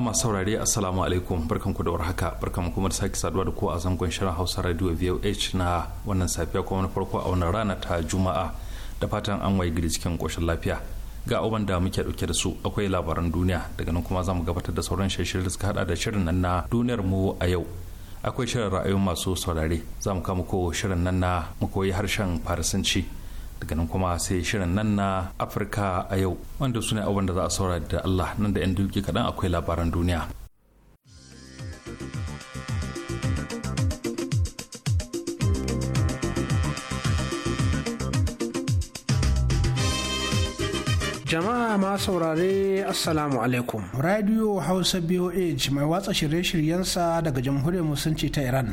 masu saurare assalamu alaikum barkan ku da warhaka barkan kuma da sake saduwa da ku a zangon shirin hausa radio voh na wannan safiya kuma na farko a wannan rana ta juma'a da fatan an waye gidi cikin koshin lafiya ga uban da muke dauke da su akwai labaran duniya daga nan kuma za mu gabatar da sauran shirye da suka hada da shirin nan na duniyar mu a yau akwai shirin ra'ayoyin masu saurare za mu kama ko shirin nan na mu koyi harshen farisanci daga nan kuma sai shirin nan na afirka a yau wanda su ne abin da za a saurara da allah nan da 'yan duki kaɗan akwai labaran duniya jama'a ma saurare assalamu alaikum radio hausa boh mai watsa shirye-shiryensa daga jamhuriyar musulunci ta iran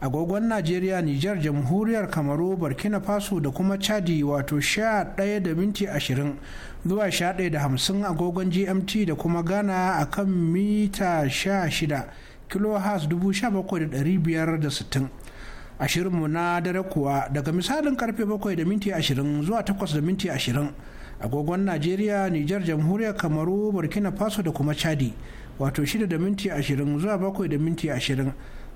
agogon najeriya niger jamhuriyar kamaru burkina faso da kuma chadi wato sha da minti ashirin zuwa sha ɗaya da hamsin agogon gmt da kuma ghana a kan mita sha shida has dubu sha bakwai da biyar da sittin ashirinmu na dare kuwa daga misalin karfe bakwai da minti ashirin zuwa takwas da minti ashirin agogon najeriya niger jamhuriyar kamaru burkina faso da kuma chadi wato shida da minti ashirin zuwa bakwai da minti ashirin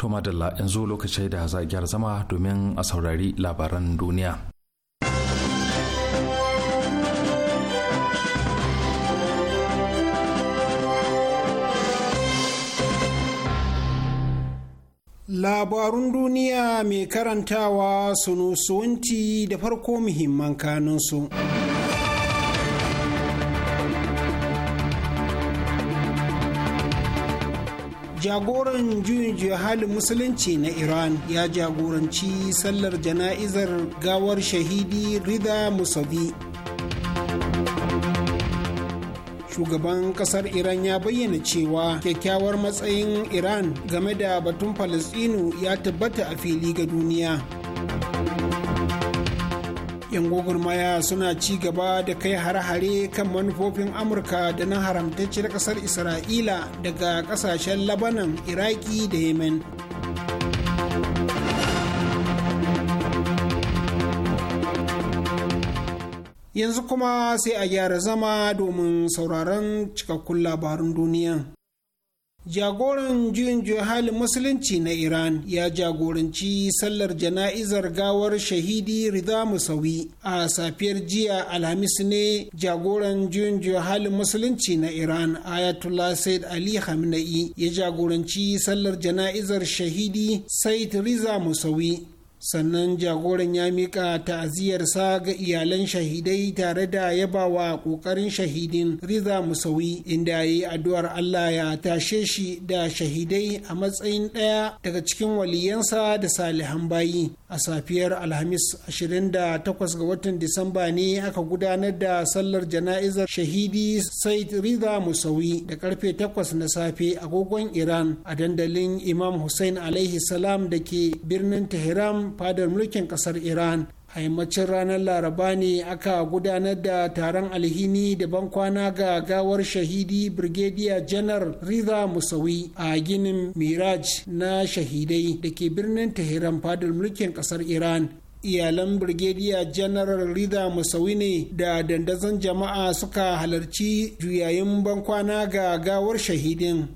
Toma Dalla yanzu lokacin da za a gyara zama domin a saurari labaran duniya. Labarun duniya mai karantawa sunusuwanti da farko muhimman kanunsu. jagoran juyin juya halin musulunci na iran ya jagoranci sallar jana'izar gawar shahidi rida musavi shugaban kasar iran ya bayyana cewa kyakkyawar matsayin iran game da batun falasɗinu ya tabbata a fili ga duniya 'yan gwagwarmaya suna ci gaba da kai hare-hare kan manufofin amurka da na haramtacciyar ƙasar isra'ila daga ƙasashen labanan iraki da yemen yanzu kuma sai a gyara zama domin sauraron cikakkun labarun duniya jagoran juyin halin musulunci na iran ya jagoranci sallar jana'izar gawar shahidi rida musawi a safiyar jiya alhamis ne jagoran juyin halin musulunci na iran ayatollah said ali hamna'i ya jagoranci sallar jana'izar shahidi said riza musawi sannan jagoran ya mika ta'aziyarsa ga iyalan shahidai tare da yabawa kokarin shahidin riza musawi inda ya yi addu'ar allah ya tashe shi da shahidai a matsayin ɗaya daga cikin waliyansa da salihan bayi a safiyar alhamis 28 ga watan disamba ne aka gudanar da sallar jana'izar shahidi said riza musawi da karfe 8 na safe agogon iran a dandalin imam hussein alaihi salam da ke birnin tehran fadar mulkin kasar iran a ranar laraba ne aka gudanar da taron alhini da bankwana ga gawar shahidi brigadier janar riza musawi a ginin miraj na shahidai da ke birnin tehran fadar mulkin kasar iran iyalan birgediya Janar Riza musawi ne da dandazon jama'a suka halarci juyayin bankwana ga gawar shahidin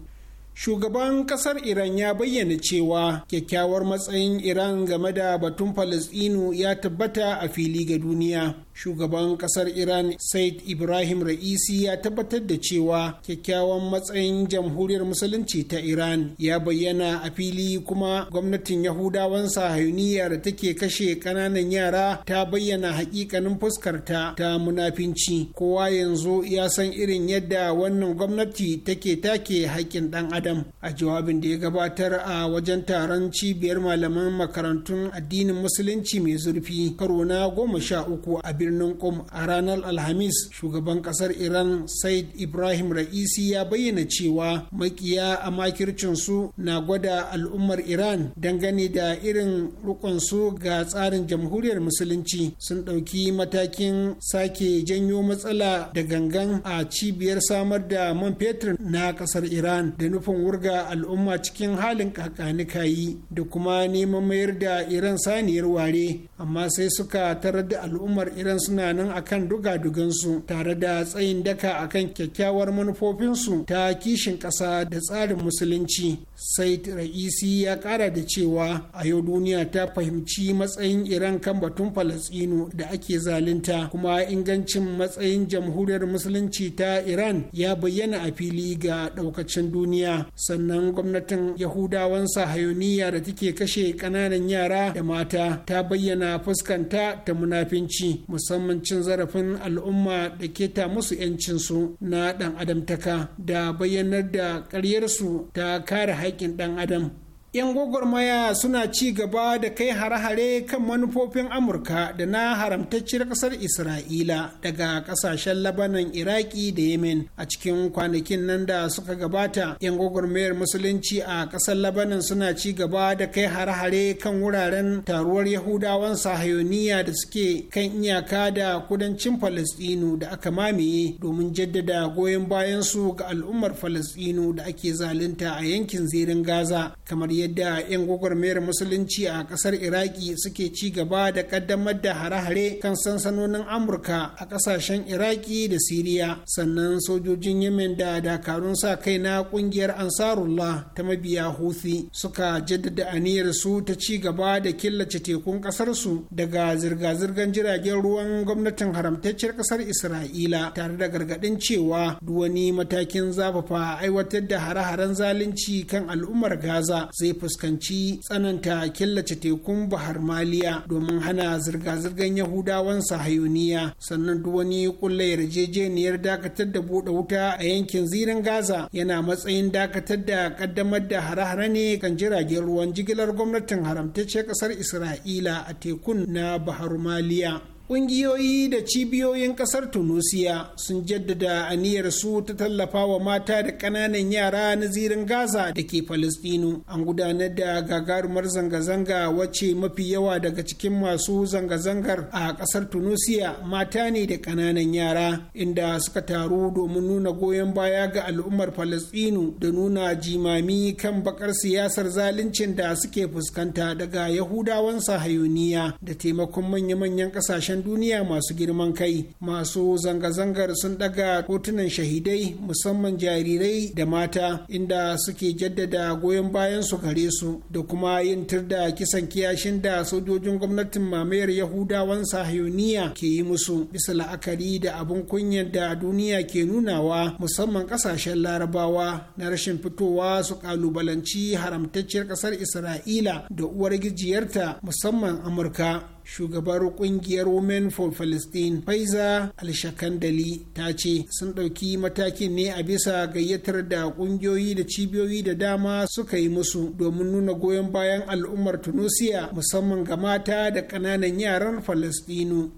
shugaban kasar iran ya bayyana cewa kyakkyawar matsayin iran game da batun falasɗinu ya tabbata a fili ga duniya shugaban kasar iran said ibrahim ra'isi ya tabbatar da cewa kyakkyawan matsayin jamhuriyar musulunci ta iran ya bayyana a fili kuma gwamnatin yahudawan sahayuniya da take kashe kananan yara ta bayyana hakikanin fuskarta ta munafinci kowa yanzu ya san irin yadda wannan gwamnati take take haƙƙin ɗan adam a jawabin da ya gabatar a wajen taron cibiyar malaman makarantun addinin musulunci mai zurfi karo na goma sha uku a birnin Qom a ranar Alhamis shugaban kasar Iran Said Ibrahim Ra'isi ya bayyana cewa makiya a makircin su na gwada al'ummar Iran dangane da irin rukun su ga tsarin jamhuriyar musulunci sun ɗauki matakin sake janyo matsala da gangan a cibiyar samar da man fetur na kasar Iran da nufin wurga al'umma cikin halin kakanikayi da kuma neman mayar da Iran saniyar ware amma sai suka tarar da al'ummar Iran maharan suna nan akan dugadugansu tare da tsayin daka akan kyakkyawar manufofinsu ta kishin ƙasa da tsarin musulunci sai ra'isi ya ƙara da cewa a yau duniya ta fahimci matsayin iran kan batun falasɗinu da ake zalunta kuma ingancin matsayin jamhuriyar musulunci ta iran ya bayyana a fili ga ɗaukacin duniya sannan gwamnatin yahudawan sahayoniya da take kashe ƙananan yara da mata ta bayyana fuskanta ta munafinci musamman cin zarafin al'umma da ke ta musu 'yancinsu na ɗan adamtaka da bayyanar da ƙaryarsu ta kare haƙƙin ɗan adam 'yan gwagwarmaya suna ci gaba da kai hare-hare kan manufofin amurka da na haramtacciyar kasar isra'ila daga kasashen labanan iraki da yemen a cikin kwanakin nan da suka gabata 'yan gwagwarmayar musulunci a kasar labanan suna ci gaba da kai hare-hare kan wuraren taruwar yahudawan sahayoniya da suke kan iyaka da kudancin falastinu da aka mamaye domin jaddada goyon bayansu ga al'ummar falastinu da ake zalunta a yankin zirin gaza kamar yadda 'yan gwagwarmayar musulunci a kasar iraki suke ci gaba da kaddamar da hare-hare kan sansanonin amurka a kasashen iraki da siriya sannan sojojin yemen da dakarun sa kai na kungiyar ansarullah ta mabiya huthi suka jaddada aniyar su ta ci gaba da killace tekun kasar su daga zirga-zirgar jiragen ruwan gwamnatin haramtacciyar kasar isra'ila tare da gargaɗin cewa duk wani matakin zafafa aiwatar da hare-haren zalunci kan al'ummar gaza zai fuskanci tsananta killace tekun bahar maliya domin hana zirga-zirgar yahudawan sahayuniya sannan duk wani kulle yarjejeniyar dakatar da buɗe wuta a yankin zirin gaza yana matsayin dakatar da kaddamar da hare-hare ne kan jiragen ruwan jigilar gwamnatin haramtacce ƙasar isra'ila a tekun na bahar maliya Ƙungiyoyi da cibiyoyin ƙasar Tunusiya sun jaddada aniyar su ta tallafa wa mata da ƙananan yara na zirin Gaza da ke Falistinu. An gudanar da gagarumar zanga-zanga wacce mafi yawa daga cikin masu zanga-zangar a ƙasar Tunusiya mata ne da ƙananan yara inda suka taru domin nuna goyon baya ga al'ummar Falistinu da nuna jimami kan bakar siyasar zaluncin da suke fuskanta daga Yahudawan Sahayuniya da taimakon manya-manyan ƙasashen kasashen duniya masu girman kai masu zanga-zangar sun daga kotunan shahidai musamman jarirai da mata inda suke jaddada goyon bayan su gare su da kuma yin turda kisan kiyashin da sojojin gwamnatin mamayar yahudawan sahayoniya ke yi musu bisa la'akari da abin kunyar da duniya ke nunawa musamman kasashen larabawa na rashin fitowa su kalubalanci haramtacciyar kasar isra'ila da uwar gijiyarta musamman amurka shugabar kungiyar women for palestine faiza alshakandali ta ce sun ɗauki matakin ne a bisa gayyatar da kungiyoyi da cibiyoyi da dama suka yi musu domin nuna goyon bayan al'ummar tunisia musamman ga mata da ƙananan yaran falastinu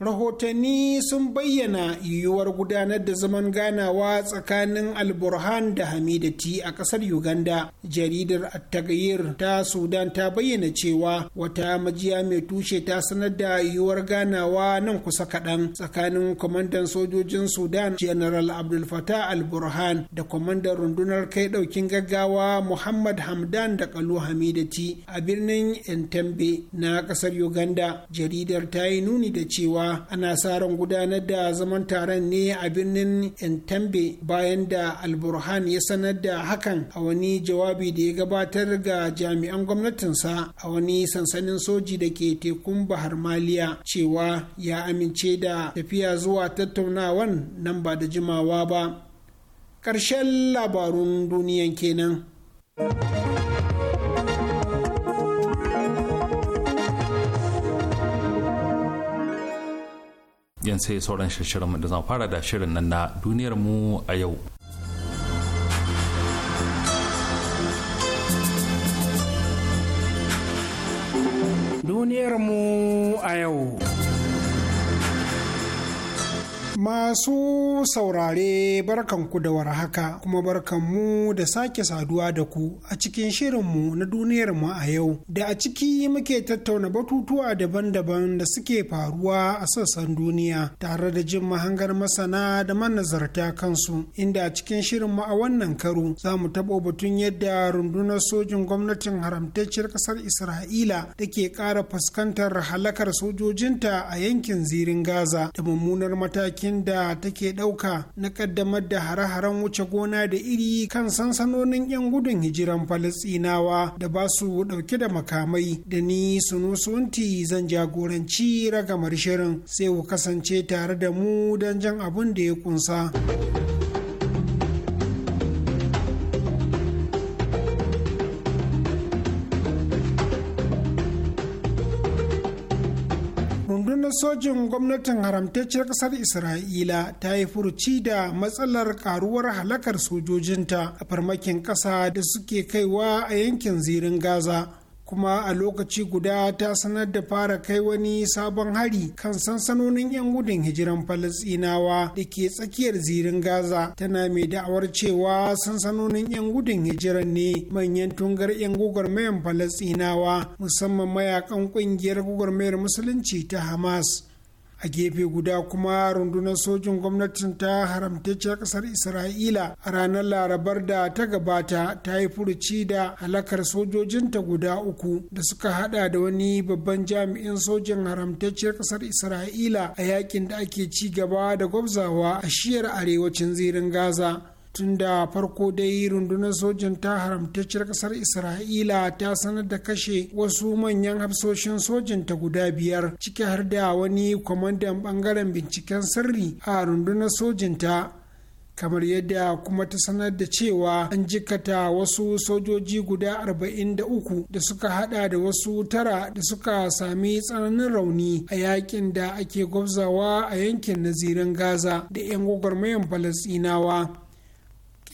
rahotanni sun bayyana yiwuwar gudanar da zaman ganawa tsakanin alburhan da hamidati a kasar uganda jaridar attagayir ta sudan ta bayyana cewa wata majiya mai tushe ta sanar da yiwuwar ganawa nan kusa kaɗan tsakanin kwamandan sojojin sudan general abdul fatah alburhan da kwamandan rundunar kai ɗaukin gaggawa muhammad hamdan da kalu hamidati a birnin Entebbe na ƙasar uganda jaridar ta yi nuni da cewa ana sa ran gudanar da zaman taron ne a birnin Entambe bayan da Alburhan ya sanar da hakan a wani jawabi da ya gabatar ga jami'an gwamnatinsa a wani sansanin soji da ke tekun Bahar Maliya cewa ya amince da tafiya zuwa tattaunawan nan ba da jimawa ba. karshen labarun duniyan kenan. yan sai sauran shirin da zan fara da shirin nan na duniyar mu a yau duniyar mu a yau Masu saurare barkanku da warhaka kuma barkanmu da sake saduwa da ku a cikin shirinmu na duniyarmu a yau da a ciki muke tattauna batutuwa daban-daban da suke faruwa a sassan duniya tare da jin mahangar masana da manazarta kansu inda a cikin shirinmu a wannan karo za mu taɓo batun yadda rundunar sojin gwamnatin haramtacciyar ƙasar Isra'ila da ke ƙara fuskantar halakar sojojinta a yankin zirin Gaza da mummunar matakin matakin da take ɗauka na ƙaddamar da hare-haren wuce gona da iri kan sansanonin 'yan gudun hijiran falasinawa da ba su ɗauke da makamai da ni sunusunti zan jagoranci ragamar shirin sai ku kasance tare da mu don jan abin da ya kunsa. rundunar sojin gwamnatin haramtacciyar ƙasar isra'ila ta yi furuci da matsalar karuwar halakar sojojinta a farmakin ƙasa da suke kaiwa a yankin zirin gaza kuma a lokaci guda ta sanar da fara kai wani sabon hari kan sansanonin 'yan gudun hijiran falasinawa da ke tsakiyar zirin gaza tana mai da'awar cewa sansanonin 'yan gudun hijiran ne manyan tungar 'yan gugarmayan falasinawa musamman mayakan kungiyar gwagwarmayar musulunci ta hamas a gefe guda kuma rundunar sojin gwamnatin ta haramtacciyar kasar isra'ila a ranar larabar da ta gabata ta yi furuci da halakar sojojinta guda uku da suka hada da wani babban jami'in sojin haramtacciyar kasar isra'ila a yakin da ake ci gaba da gwabzawa a shiyar arewacin zirin gaza tun da farko dai rundunar sojan ta haramtacciyar kasar isra'ila ta sanar da kashe wasu manyan hafsoshin sojan ta guda biyar ciki har da wani kwamandan bangaren binciken sirri a rundunar sojan ta kamar yadda kuma ta sanar da cewa an jikata wasu sojoji guda 43 da suka hada da wasu tara da suka sami tsananin rauni a yakin da ake gwabzawa a yankin nazirin gaza da 'yan gwagwarmayan falasinawa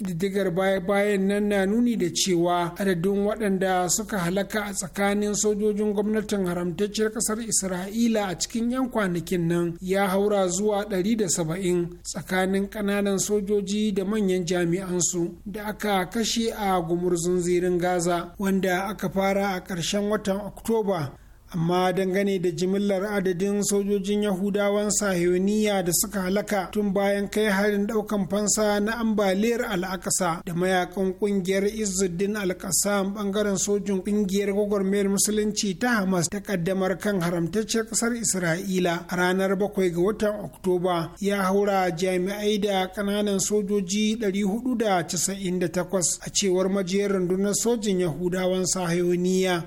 diddigar baya-bayan nan na nuni da cewa adadin waɗanda suka halaka a tsakanin sojojin gwamnatin haramtacciyar ƙasar isra'ila a cikin 'yan kwanakin nan ya haura zuwa 170 tsakanin ƙananan sojoji da manyan jami'ansu da aka kashe a gumurzun zirin gaza wanda aka fara a ƙarshen watan oktoba amma dangane da jimillar adadin sojojin yahudawan sahiyoniya da suka halaka tun bayan kai harin daukan fansa na ambaliyar al'akasa da mayakan kungiyar izzuddin qassam bangaren sojin kungiyar gwagwarmayar musulunci ta hamas ta kaddamar kan haramtacciyar kasar isra'ila a ranar 7 ga watan oktoba ya haura jami'ai da kananan sojoji 498 a cewar majiyar rundunar sojin yahudawan sahiyoniya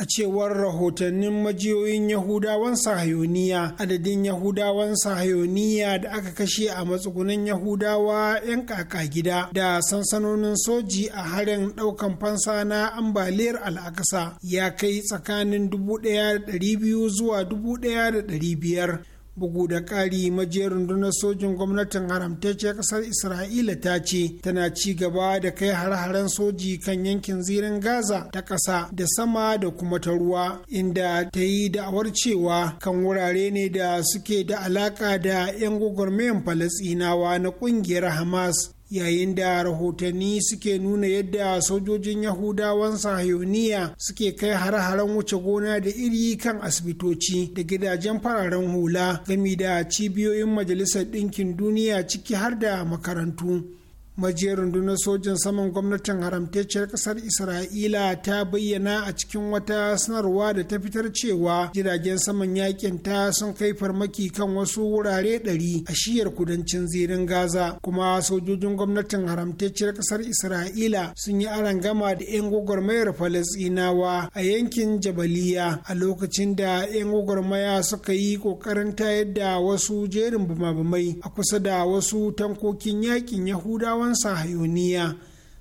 a cewar rahotannin majiyoyin yahudawan sahayoniya adadin yahudawan sahayoniya da aka kashe a matsugunan yahudawa 'yan kaka gida da sansanonin soji a harin daukan fansa na ambaliyar al'akasa ya kai tsakanin 1200 zuwa 1500 bugu da ƙari majiyar rundunar sojin gwamnatin haramtacciyar ƙasar isra'ila ta ce tana ci gaba da kai har-haren soji kan yankin zirin gaza ta ƙasa da sama da kuma ta ruwa inda ta yi da'awar cewa kan wurare ne da suke da alaƙa da 'yan gwagwarmayan falasinawa na ƙungiyar hamas yayin da rahotanni suke nuna yadda sojojin yahudawan sahiyoniya suke kai har-haren wuce gona da iri kan asibitoci da gidajen fararen hula gami da cibiyoyin majalisar ɗinkin duniya ciki har da makarantu majiyar rundunar sojan saman gwamnatin haramtacciyar kasar isra'ila ta bayyana a cikin wata sanarwa da ta fitar cewa jiragen saman yakin ta sun kai farmaki kan wasu wurare ɗari a shiyar kudancin zirin gaza kuma sojojin gwamnatin haramtacciyar kasar isra'ila sun yi gama da 'yan gwagwarmayar falasinawa a yankin jabaliya a lokacin da 'yan gwagwarmaya suka yi kokarin tayar da wasu jerin bumabumai a kusa da wasu tankokin yakin yahudawa yahudawan hayoniya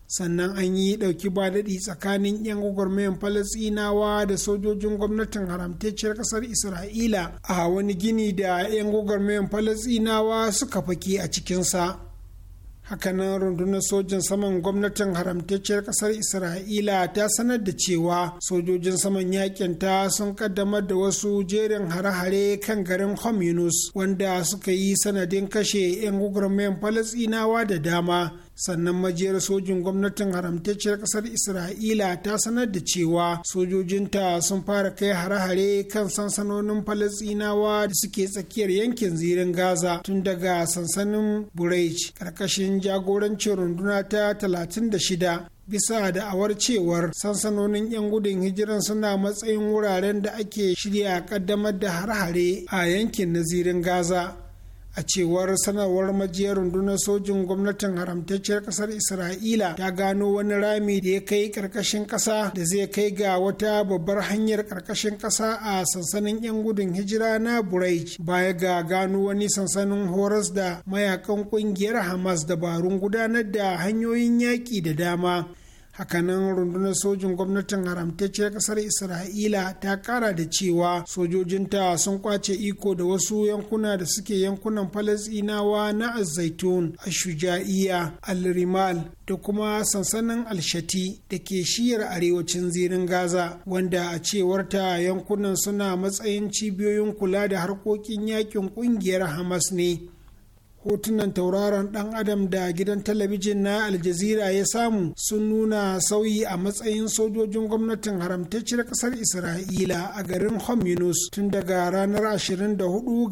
sannan an yi ɗauki ba daɗi tsakanin 'yan gwagwarmayan falasinawa da sojojin gwamnatin haramtacciyar ƙasar isra'ila a wani gini da 'yan gwagwarmayan falasinawa suka fake a cikinsa hakanan rundunar sojin saman gwamnatin haramtacciyar kasar isra'ila ta sanar da cewa sojojin saman yakin ta sun kaddamar da wasu jerin hare-hare kan garin Homs wanda suka yi sanadin kashe 'yan gwagwarmayan falasinawa da dama sannan majiyar sojin gwamnatin haramtacciyar ƙasar isra'ila ta sanar da cewa sojojinta sun fara kai hare-hare kan sansanonin falasinawa da suke tsakiyar yankin zirin gaza tun daga sansanin burej karkashin jagorancin runduna ta 36 bisa da'awar cewar sansanonin 'yan gudun hijiran suna matsayin wuraren da ake shirya kaddamar da hare-hare a yankin nazirin gaza a cewar sanarwar majiyar rundunar sojin gwamnatin haramtacciyar kasar isra'ila ta gano wani rami da ya kai karkashin kasa da zai kai ga wata babbar hanyar karkashin kasa a sansanin yan gudun hijira na buraij baya ga gano wani sansanin horas da mayakan kungiyar hamas dabarun gudanar da hanyoyin yaƙi da dama hakanan rundunar sojin gwamnatin haramtacciyar kasar isra'ila ta kara da cewa sojojinta sun kwace iko da wasu yankuna da suke yankunan falasinawa na azaitun ashuja'iya al-rimal da kuma sansanin alshati da ke shiyar arewacin zirin gaza wanda a cewarta yankunan suna matsayin cibiyoyin kula da harkokin yakin kungiyar hamas ne hotunan tauraron dan adam da gidan talabijin na aljazira ya samu sun nuna sauyi a matsayin sojojin gwamnatin haramtacciyar kasar isra'ila a garin hom tun daga ranar 24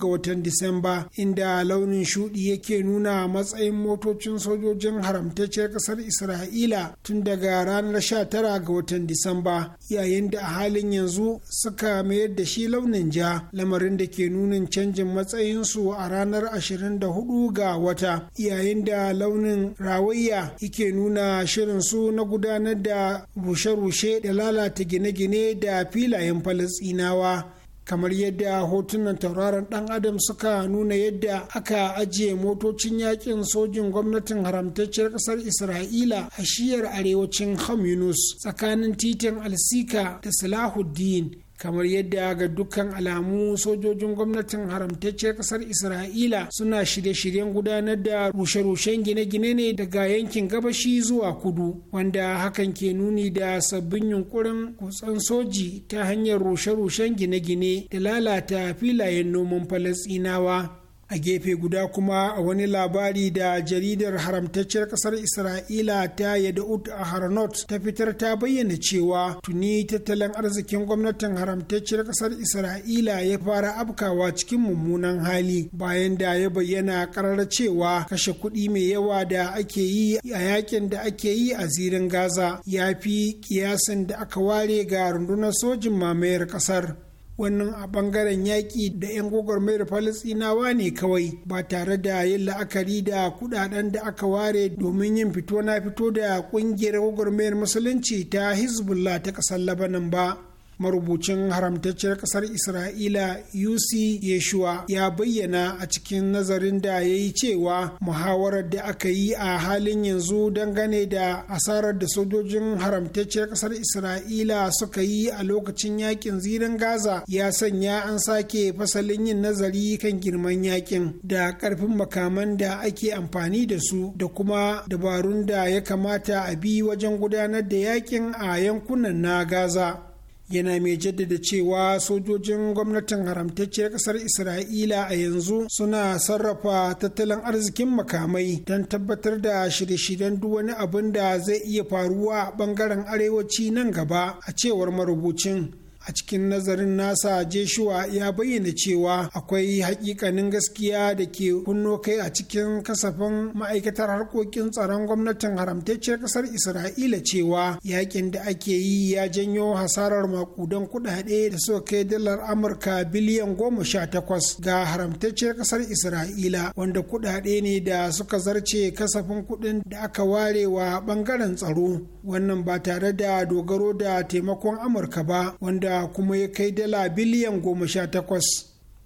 ga watan disamba inda launin shudi yake nuna matsayin motocin sojojin haramtacciyar kasar isra'ila tun daga ranar 19 ga watan disamba yayin da a halin yanzu suka mayar da shi launin ja lamarin da ke nunin canjin matsayinsu a ranar 24 hudu ga wata yayin da launin rawayya yake nuna shirin su na gudanar da rushe-rushe da lalata gine-gine da filayen falasinawa kamar yadda hotunan tauraron dan adam suka nuna yadda aka ajiye motocin yakin sojin gwamnatin haramtacciyar kasar isra'ila a shiyar arewacin ham yunus tsakanin titin alsika da salahuddin kamar yadda ga dukkan alamu sojojin gwamnatin haramtacciyar kasar isra'ila suna shirye-shiryen gudanar da rushe-rushen gine-gine ne daga yankin gabashi zuwa kudu wanda hakan ke nuni da sabbin yunkurin kutsan soji ta hanyar rushe-rushen gine-gine da lalata filayen noman falasinawa a gefe guda kuma a wani labari da jaridar haramtacciyar kasar isra'ila ta yadda'ud a harnot ta fitar ta bayyana cewa tuni tattalin arzikin gwamnatin haramtacciyar kasar isra'ila ya fara abkawa cikin mummunan hali bayan da ya bayyana karar cewa kashe kuɗi mai yawa da ake yi a yakin da ake yi a zirin gaza ya fi kiyasin da aka ware ga rundunar sojin mamayar kasar wannan a bangaren yaƙi da 'yan gwagwarmayar falisinawa ne kawai ba tare da yin la'akari da kudaden da aka ware domin yin fito na fito da ƙungiyar gwagwarmayar musulunci ta hezbollah ta ƙasar labanan ba marubucin haramtacciyar ƙasar isra'ila UC yeshua ya bayyana a cikin nazarin da ya yi cewa muhawarar da aka yi a halin yanzu dangane da asarar da sojojin haramtacciyar ƙasar isra'ila suka yi a lokacin yakin zirin gaza ya sanya an sake fasalin yin nazari kan girman yakin da karfin makaman da ake amfani da su da kuma dabarun da ya kamata a bi wajen gudanar da yakin a yankunan na gaza yana mai jaddada cewa sojojin gwamnatin haramtacciyar kasar isra'ila a yanzu suna sarrafa tattalin arzikin makamai don tabbatar da shirye-shiryen duk wani abin da zai iya faruwa a bangaren arewaci nan gaba a cewar marubucin a cikin nazarin nasa jeshuwa ya bayyana cewa akwai hakikanin gaskiya da ke kunno kai a cikin kasafin ma'aikatar harkokin tsaron gwamnatin haramtacciyar kasar isra'ila cewa yakin da ake yi ya janyo hasarar makudan kudade da suka kai dalar amurka biliyan goma sha takwas ga haramtacciyar kasar isra'ila wanda kudade ne da suka zarce kasafin kudin da aka ware wa bangaren tsaro wannan ba tare da dogaro da taimakon amurka ba wanda kuma ya kai dala biliyan goma sha takwas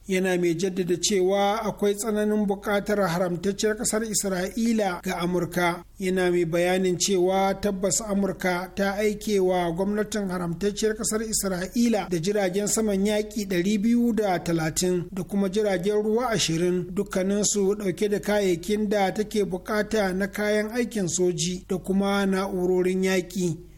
yana mai jaddada cewa akwai tsananin buƙatar haramtacciyar ƙasar isra'ila ga amurka yana mai bayanin cewa tabbas amurka ta aike wa gwamnatin haramtacciyar ƙasar isra'ila da jiragen saman yaƙi 230 da kuma jiragen ruwa 20 dukkaninsu ɗauke da kayayyakin da take buƙata na kayan aikin soji da kuma na'urorin yaƙi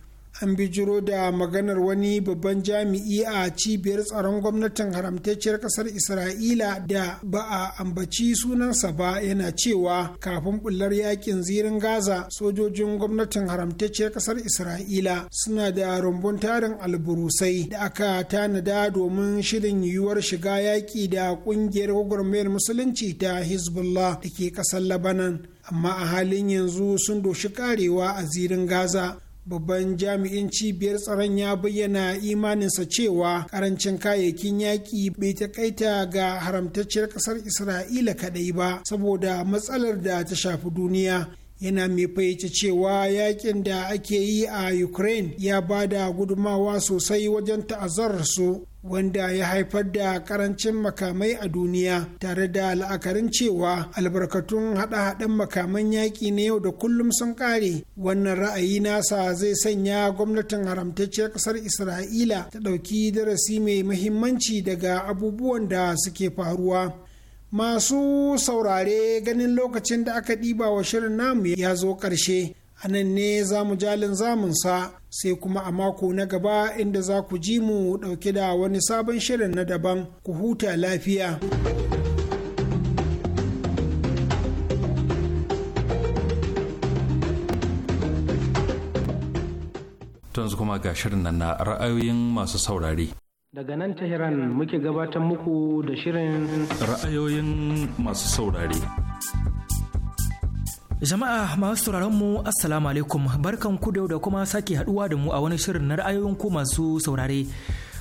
an bijiro da maganar wani babban jami'i a cibiyar tsaron gwamnatin haramtacciyar kasar isra'ila da ba a ambaci sunansa ba yana cewa kafin bullar yakin zirin gaza sojojin gwamnatin haramtacciyar kasar isra'ila suna da rumbun tarin alburusai da aka tanada domin shirin yiwuwar shiga yaƙi da ƙungiyar gwagwarmayar musulunci ta hezbollah da ke ƙasar labanan amma a halin yanzu sun doshi karewa a zirin gaza babban jami'in cibiyar tsaron ya bayyana imaninsa cewa karancin kayayyakin yaƙi bai takaita ga haramtacciyar ƙasar isra'ila kaɗai ba saboda matsalar da ta shafi duniya yana mai fahimci cewa yakin da ake yi a ukraine ya ba da gudumawa sosai wajen ta'azzar su wanda ya haifar da karancin makamai a duniya tare da la'akarin cewa albarkatun haɗa-haɗen makaman yaƙi na yau da kullum sun ƙare wannan ra'ayi nasa zai sanya gwamnatin haramtacciyar ƙasar isra'ila ta ɗauki darasi mai mahimmanci daga abubuwan da suke faruwa masu saurare ganin lokacin da aka ɗiba wa shirin namu ya zo ƙarshe a nan ne zamu jalin zamunsa sai kuma a mako na gaba inda za ku ji mu ɗauke da wani sabon shirin na daban ku huta lafiya. yanzu kuma ga shirin nan na ra'ayoyin masu saurare. Daga nan Tehran muke gabatar muku da shirin ra'ayoyin masu saurare. Jama'a masu sauraron mu Assalamu alaikum barkan ku da kuma sake haduwa da mu a wani shirin na ra'ayoyin ku masu saurare.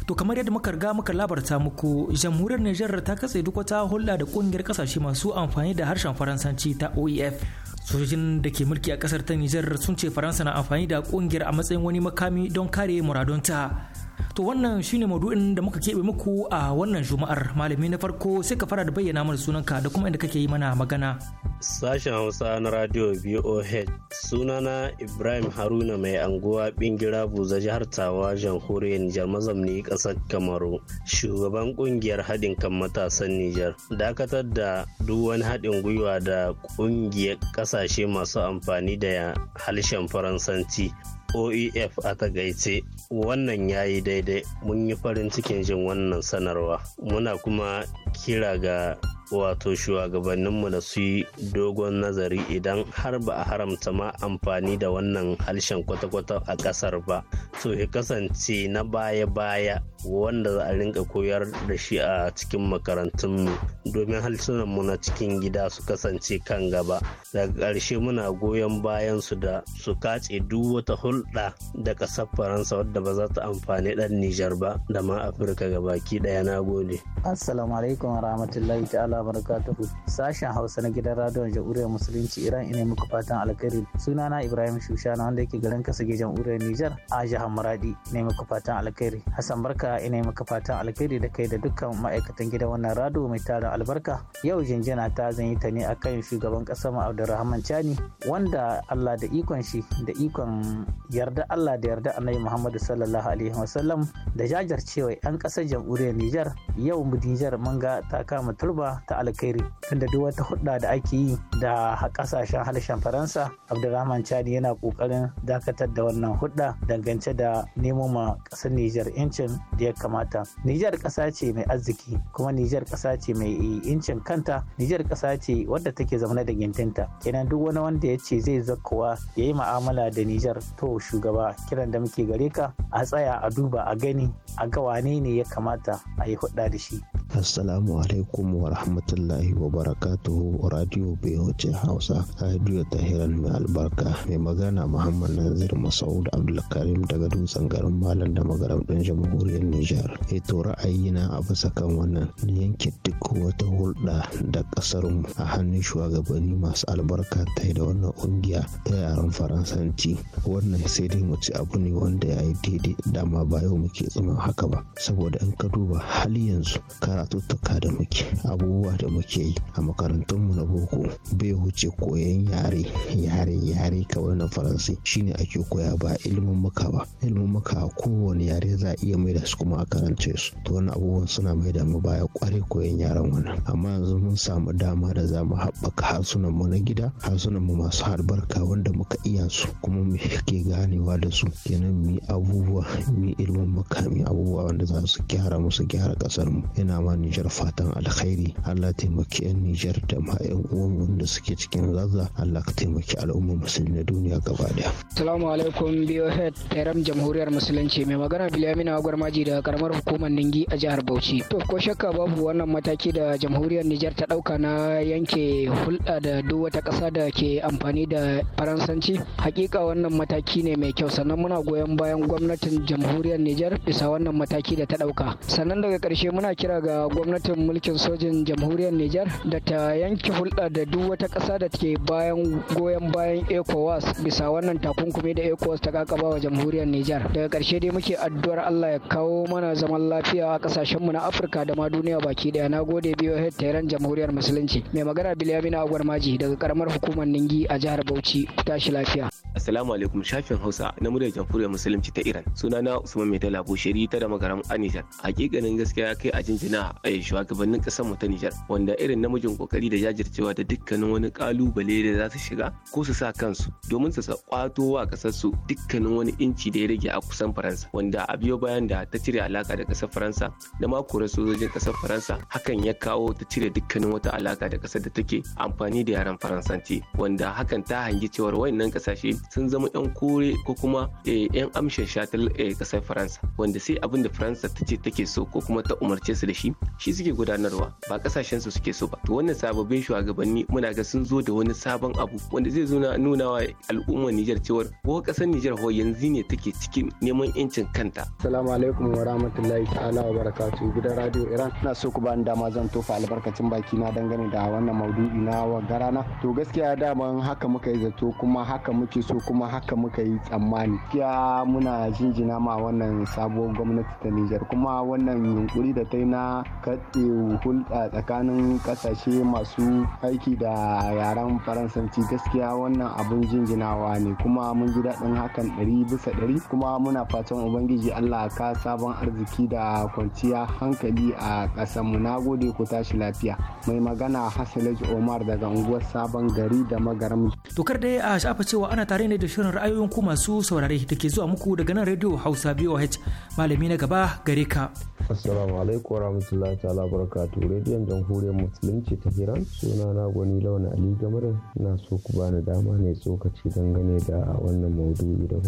To kamar yadda muka riga muka labarta muku jamhuriyar Nijar ta katse duk wata hulɗa da kungiyar kasashe masu amfani da harshen Faransanci ta OEF. Sojojin da ke mulki a kasar ta Nijar sun ce Faransa na amfani da kungiyar a matsayin wani makami don kare muradunta. To wannan shine maudu'in da muka keɓe muku a wannan juma'ar malami na farko sai ka fara da bayyana mana sunanka da kuma inda kake yi mana magana. Sashen Hausa na Radio BOH sunana Ibrahim Haruna mai anguwa bingira buza jihar Tawa jamhuriyar Nijar mazamni kasar Kamaru shugaban kungiyar haɗin kan matasan Nijar dakatar da duk wani haɗin gwiwa da kungiyar ƙasashe masu amfani da harshen Faransanci oef a takaice wannan ya yi daidai mun yi farin cikin jin wannan sanarwa muna kuma kira ga wato shugabanninmu da su yi dogon nazari idan har ba a haramta ma amfani da wannan harshen kwata-kwata a ƙasar ba so ya kasance na baya-baya wanda za a rinka koyar da shi a cikin makarantunmu domin harsunanmu na cikin gida su kasance kan gaba daga ƙarshe muna goyon bayan su da su kace duk wata hulɗa da ƙasar faransa wadda ba za ta amfani ɗan nijar ba da ma afirka gabaki ɗaya na gode assalamu alaikum warahmatullahi ta'ala barakatuhu sashen hausa na gidan radiyon jamhuriyar musulunci iran ina muku fatan alkhairi sunana ibrahim shushana wanda yake garin kasa gidan jamhuriyar nijar a jihar maradi ina muku fatan alkhairi hassan barka ina muku fatan alkhairi da kai da dukkan ma'aikatan gidan wannan radio mai tara albarka yau jinjina ta zanyi ta ne akan shugaban kasa mu abdulrahman chani wanda allah da ikon shi da ikon yarda allah da yarda annabi muhammadu sallallahu alaihi wasallam da jajircewa 'yan kasar jamhuriyar nijar yau mu nijar mun ga ta kama turba ta alkhairi tunda duk wata hudda da ake yi da kasashen harshen faransa abdulrahman chani yana kokarin dakatar da wannan hudda dangance da nemo ma kasar niger incin da ya kamata niger kasa ce mai arziki kuma Nijar kasa ce mai incin kanta Nijar kasa ce wadda take zaune da gintinta kenan duk wani wanda ya ce zai zakkowa ya yi ma'amala da Nijar, to shugaba kiran da muke gare ka a tsaya a duba a gani a ga wane ne ya kamata a yi hudda da shi assalamu alaikum wa rahmatullahi wa barakatuhu radio BOC Hausa radio ta Tahiran mai albarka mai magana Muhammad Nazir Masaud Abdulkarim daga dutsen garin Malam da magaram jamhuriyar Nijar. ra'ayi e ra'ayina a bisa kan wannan na yanke duk wata hulɗa da ƙasar a hannun shugabanni masu albarka ta da wannan ƙungiya ta yaren Faransanci. Wannan sai dai mu ci abu ne wanda ya yi daidai dama ba yau muke tsumin haka ba saboda in ka duba hali yanzu karatuttuka da muke abubuwa abubuwa da muke yi a makarantunmu na boko bai wuce koyon yare yare yare kawai na faransa shine ake koya ba ilimin maka ba ilimin maka kowane yare za a iya mai da su kuma a karance su to wani abubuwan suna mai da mu baya kware koyon yaren wannan amma yanzu mun samu dama da za mu haɓaka harsunan mu na gida harsunan mu masu albarka wanda muka iya su kuma mu ke ganewa da su kenan mu yi abubuwa mu ilimin maka mu abubuwa wanda za su gyara musu gyara kasar mu yana ma nijar fatan alkhairi Allah taimaki 'yan Nijar da ma 'yan uwan wanda suke cikin Gaza Allah ka taimaki al'ummar musulmi na duniya gaba daya. Assalamu alaikum BOHED Tairam Jamhuriyar Musulunci mai magana Bilamina Maji, daga karamar hukumar Ningi a jihar Bauchi. To ko shakka babu wannan mataki da Jamhuriyar Nijar ta dauka na yanke hulɗa da duk wata ƙasa da ke amfani da Faransanci. Hakika wannan mataki ne mai kyau sannan muna goyon bayan gwamnatin Jamhuriyar Nijar bisa wannan mataki da ta dauka. Sannan daga ƙarshe muna kira ga gwamnatin mulkin sojin jamhuriyar Nijar da ta yanke hulɗa da duk wata ƙasa da take bayan goyon bayan ECOWAS bisa wannan takunkumi da ECOWAS ta kakaba wa jamhuriyar Nijar. Daga ƙarshe dai muke addu'ar Allah ya kawo mana zaman lafiya a ƙasashenmu na Afirka da ma duniya baki ɗaya, Na gode biyo head tairan jamhuriyar musulunci. Mai magana Bilyamina Agwar Maji daga ƙaramar hukumar Ningi a jihar Bauchi. Tashi lafiya. Assalamu alaikum shafin Hausa na muryar jamhuriyar musulunci ta Iran. Sunana Usman Maitala Bushiri ta da magaram a Nijar. Hakikanin gaskiya kai a jinjina a shugabannin kasar mu ta Nijar wanda irin namijin kokari da jajircewa da dukkanin wani kalubale da za su shiga ko su sa kansu domin su kwato wa kasar su dukkanin wani inci da ya rage a kusan Faransa wanda a biyo bayan da ta cire alaka da kasar Faransa da ma kura sojojin kasar Faransa hakan ya kawo ta cire dukkanin wata alaka da kasar da take amfani da yaren Faransanci wanda hakan ta hangi cewar wayannan kasashe sun zama 'yan kore ko kuma 'yan eh, amshin shatar kasar eh, faransa wanda sai abin da faransa ta ce take so ko kuma ta umarce su da shi shi suke gudanarwa ba kasashen su suke so ba to wannan sababbin shugabanni muna ga sun zo da wani sabon abu wanda zai nuna wa al'ummar Nijar cewar ko kasar Nijar ho yanzu ne take cikin neman yancin kanta assalamu alaikum wa rahmatullahi ta'ala wa barakatuh gidan radio Iran ina so ku bani dama zan tofa albarkacin baki na dangane da wannan maudu'i na wa garana to gaskiya daman haka muka yi zato kuma haka muke so so kuma haka muka yi tsammani kiya muna jinjina ma wannan sabuwar gwamnati ta Nijar kuma wannan yunkuri da ta yi na katse hulɗa tsakanin ƙasashe masu aiki da yaren faransanci gaskiya wannan abun jinjinawa ne kuma mun ji daɗin hakan ɗari bisa ɗari kuma muna fatan ubangiji Allah ka sabon arziki da kwanciya hankali a mu na gode ku tashi lafiya mai magana hasalaj Omar daga unguwar sabon gari da magaram. Tokar dai a shafa cewa ana tare tare ne da shirin ra'ayoyin ku masu saurare da ke zuwa muku daga nan Radio Hausa BOH malami na gaba gare ka. Assalamu alaikum warahmatullahi ta'ala barakatuh rediyon jamhuriyar musulunci ta hiran suna na gwani launa Ali Gamarin na so ku bani dama ne tsokaci dangane da wannan maudu'i da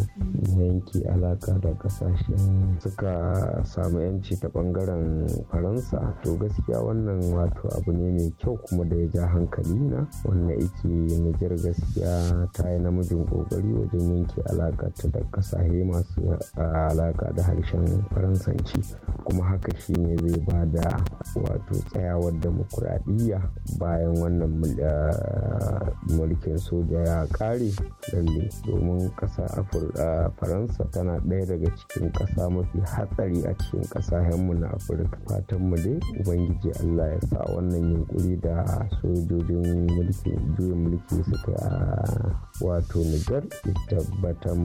yanke alaka da kasashen suka samu yanci ta bangaren Faransa to gaskiya wannan wato abu ne mai kyau kuma da ya ja hankali na wannan ike Nijar gaskiya ta yi namijin ko kokari wajen yanke ta da kasashe masu alaka da harshen faransanci kuma haka shine zai ba da wato tsayawar demokuraɗiyya bayan wannan mulkin soja ya kare lalle domin ƙasa faransa tana ɗaya daga cikin ƙasa mafi hatsari a cikin ƙasashenmu na afirka fatanmu dai ubangiji allah ya sa wannan yunkuri da sojojin mulkin juyin mulki suka wato nijar cutar ya tabbatar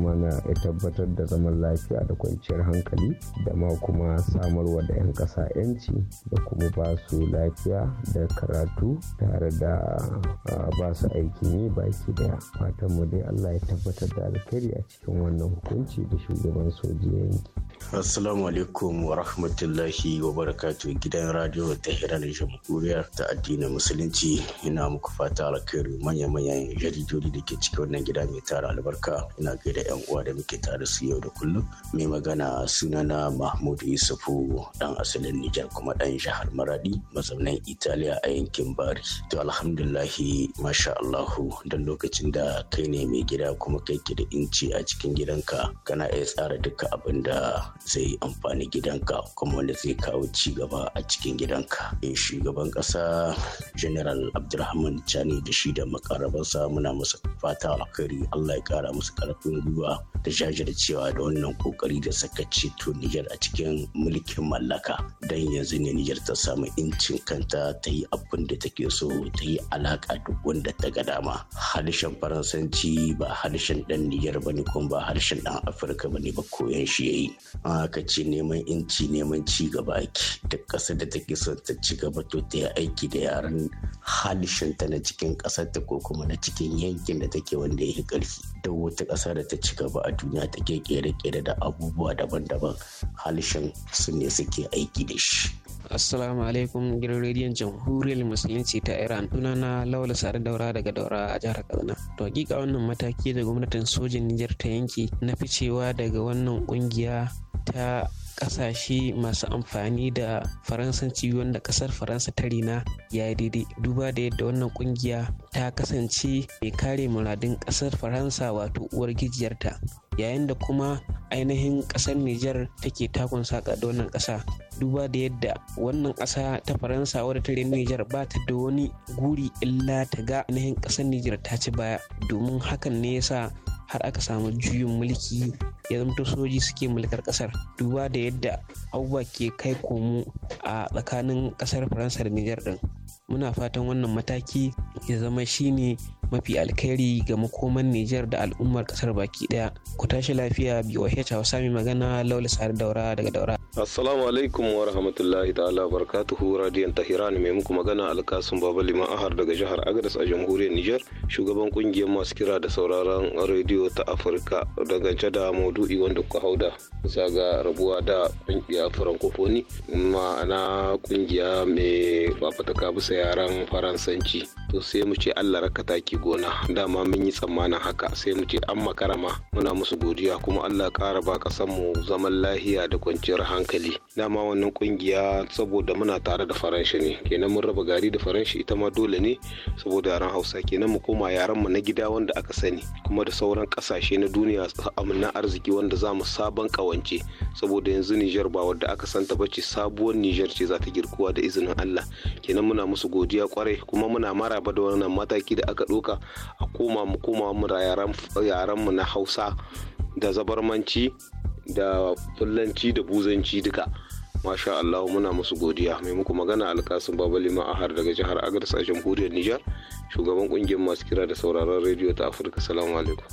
ya tabbatar da zaman lafiya da kwanciyar hankali da ma kuma samarwa da 'yan ƙasa 'yanci da kuma ba su lafiya da karatu tare da ba su aikin yi baki daya fatan mu dai Allah ya tabbatar da alkhairi a cikin wannan hukunci da shugaban soji yanki Assalamu alaikum wa rahmatullahi wa barakatuh gidan radio ta hirar jamhuriyar ta addinin musulunci ina muku fata alkhairu manya-manyan jaridodi da ke cikin wannan gida mai tara albarka ina gaida yan uwa da muke tare su yau da kullum mai magana sunana mahmud yusufu dan asalin nijar kuma dan jihar maradi mazaunin italiya a yankin bari to alhamdulillahi masha allahu dan lokacin da kai ne mai gida kuma kai ke da inci a cikin gidanka kana iya tsara duka abin da zai amfani gidanka kuma wanda zai kawo ci gaba a cikin gidanka eh, shugaban ƙasa general abdulrahman chani da shi da makarabansa muna masa fata alkhairi allah ya kara musu karfin gwiwa da jajircewa da wannan kokari da saka ceto niger a cikin mulkin mallaka don yanzu ne niger ta samu incin kanta ta yi abin da take so ta yi alaka duk wanda ta ga dama harshen faransanci ba harshen dan niger bane kuma ba harshen dan afirka bane ba koyan shi yayi aka ce neman inci neman ci gaba ake da ƙasar da take son ta ci gaba to ta yi aiki da yaren ta na cikin ƙasar ta ko kuma na cikin yankin da take wanda ya yi ƙarfi da wata ƙasa da ta ci gaba a duniya ta ke ƙere-ƙere da abubuwa daban-daban halishin su ne suke aiki da shi Assalamu alaikum gidan rediyon jamhuriyar musulunci ta Iran na Laula Sare Daura daga Daura a jihar Kaduna. To hakika wannan mataki da gwamnatin sojin Nijar ta yanke na ficewa daga wannan kungiya ta kasashe masu amfani da faransanci wanda kasar faransa ta rina ya yi daidai duba da yadda wannan kungiya ta kasance mai kare muradun kasar faransa wato uwar gijiyarta yayin da kuma ainihin kasar nijar take takon saka da wannan kasa duba da yadda wannan ƙasa ta faransa wadda ta rena nijar ba ta da wani guri illa ta ga ainihin kasar nijar ta ci baya domin hakan ne yasa har aka samu juyin mulki ya zama soji suke mulkar kasar duba da yadda abubuwa ke kai komo a tsakanin kasar faransa da nijar din muna fatan wannan mataki ya zama shine mafi alkhairi ga makoman Nijar da al'ummar kasar baki daya. Ku tashi lafiya biyu BOH Hausa mai magana Laula Sa'ad Daura daga Daura. Assalamu alaikum wa rahmatullahi ta'ala barakatuhu radiyon Tahiran mai muku magana Alkasun Baba Liman Ahar daga jihar Agadas a jamhuriyar Nijar, shugaban kungiyar masu kira da sauraron rediyo ta Afirka daga da maudu'i wanda kuka hauda. da ga rabuwa da kungiya Francophonie ma'ana kungiya mai fafataka bisa yaren faransanci to sai mu ce allah raka ki gona dama mun yi tsammanin haka sai mu ce an makarama muna musu godiya kuma allah kara ba kasan mu zaman lahiya da kwanciyar hankali dama wannan kungiya saboda muna tare da faranshi ne kenan mun raba gari da faranshi ita ma dole ne saboda yaren hausa kenan mu koma yaren mu na gida wanda aka sani kuma da sauran kasashe na duniya amina arziki wanda za mu sabon kawance saboda yanzu Nijar ba wadda aka santa ce sabuwar Nijar ce za ta girkuwa da izinin Allah kenan muna musu su godiya kwarai kuma muna maraba da wannan mataki da aka ɗauka a koma mu koma mu yaran mu na hausa da zabarmanci da fullanci da buzanci duka masha Allah muna musu godiya mai muku magana lima a har daga jihar agar sashen huriyar Nijar shugaban kungiyar masu kira da sauraron rediyo ta Afirka salamu alaikum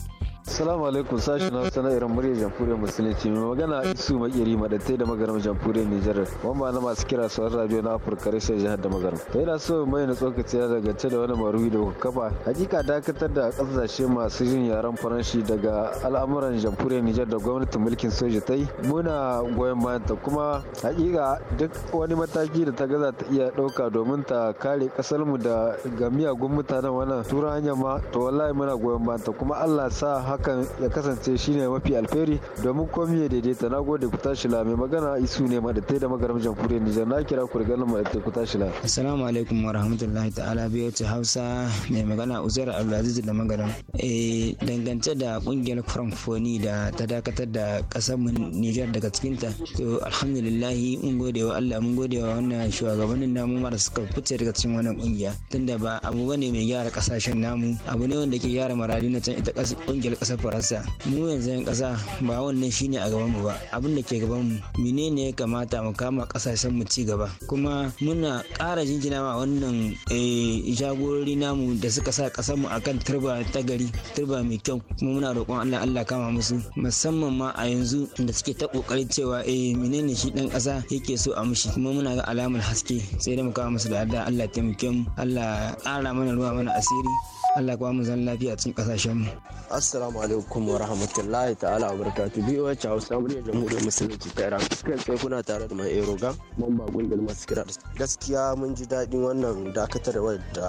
Assalamu alaikum sashi na sana irin murya jamhuriyar musulunci mai magana isu makiri madattai da magaram jamhuriyar Nijar wamba na masu kira sauran radio na Afirka rashin jihar da magaram. Ta yana so mai na tsokaci daga dangance da wani maruwi da kuka kafa hakika dakatar da kasashe masu jin yaren faranshi daga al'amuran jamhuriyar Nijar da gwamnatin mulkin soja ta yi muna goyon bayan ta kuma hakika duk wani mataki da ta gaza ta iya ɗauka domin ta kare kasarmu da ga miyagun mutanen wannan turan hanya ma to wallahi muna goyon bayan ta kuma Allah sa hakan ya kasance shine mafi alferi domin komi ya daidaita na gode ku tashi la mai magana isu ne madatai da magaram jamhuriyar nijar na kira ku daga nan madatai ku tashi la assalamu alaikum wa rahmatullahi ta'ala biyo ta hausa mai magana uzair abdulaziz da magaram eh dangance da kungiyar francophone da ta dakatar da kasar mu nijar daga cikin ta to alhamdulillah mun gode wa Allah mun gode wa wannan shugabannin namu mara suka fice daga cikin wannan kungiya tunda ba abu bane mai gyara kasashen namu abu ne wanda ke gyara maradi na can ita kungiyar kasar faransa mu yanzu yan kasa ba wannan shine a gaban mu ba abin da ke gaban mu menene ya kamata mu kama kasashen mu ci gaba kuma muna ƙara jinjina ma wannan eh, jagorori namu da suka sa kasar mu akan turba ta gari turba mai kyau kuma muna roƙon Allah Allah kama musu musamman ma a yanzu da suke ta kokarin cewa eh menene shi dan kasa yake so a mushi kuma muna ga alamar haske sai da mu kama musu da Allah Allah taimake mu Allah ƙara mana ruwa mana asiri Allah ba mu zan lafiya a cikin kasashen mu assalamu alaikum wa rahmatullahi ta'ala wa barakatuh biyo wacce hausa muryar jamhuriyar musulunci ta iran kai sai kuna tare da mai eroga mamba kungiyar masu gaskiya mun ji daɗin wannan dakatarwar da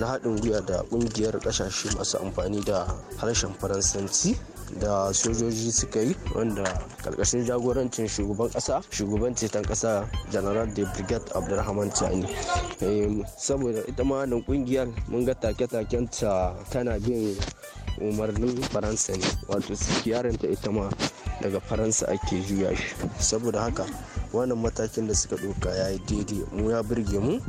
na haɗin gwiwa da ƙungiyar ƙasashe masu amfani da harshen faransanci da sojoji suka yi wanda karkashin jagorancin shugaban kasa shugaban ceton kasa general de brigade abdulrahman tani saboda ita ma wannan kungiyar mun ga take-taken ta tana bin umarnin faransa ne wato sikiyarinta ita ma daga faransa ake juya shi saboda haka wannan matakin da suka ɗauka ya yi daidai mu ya birge mu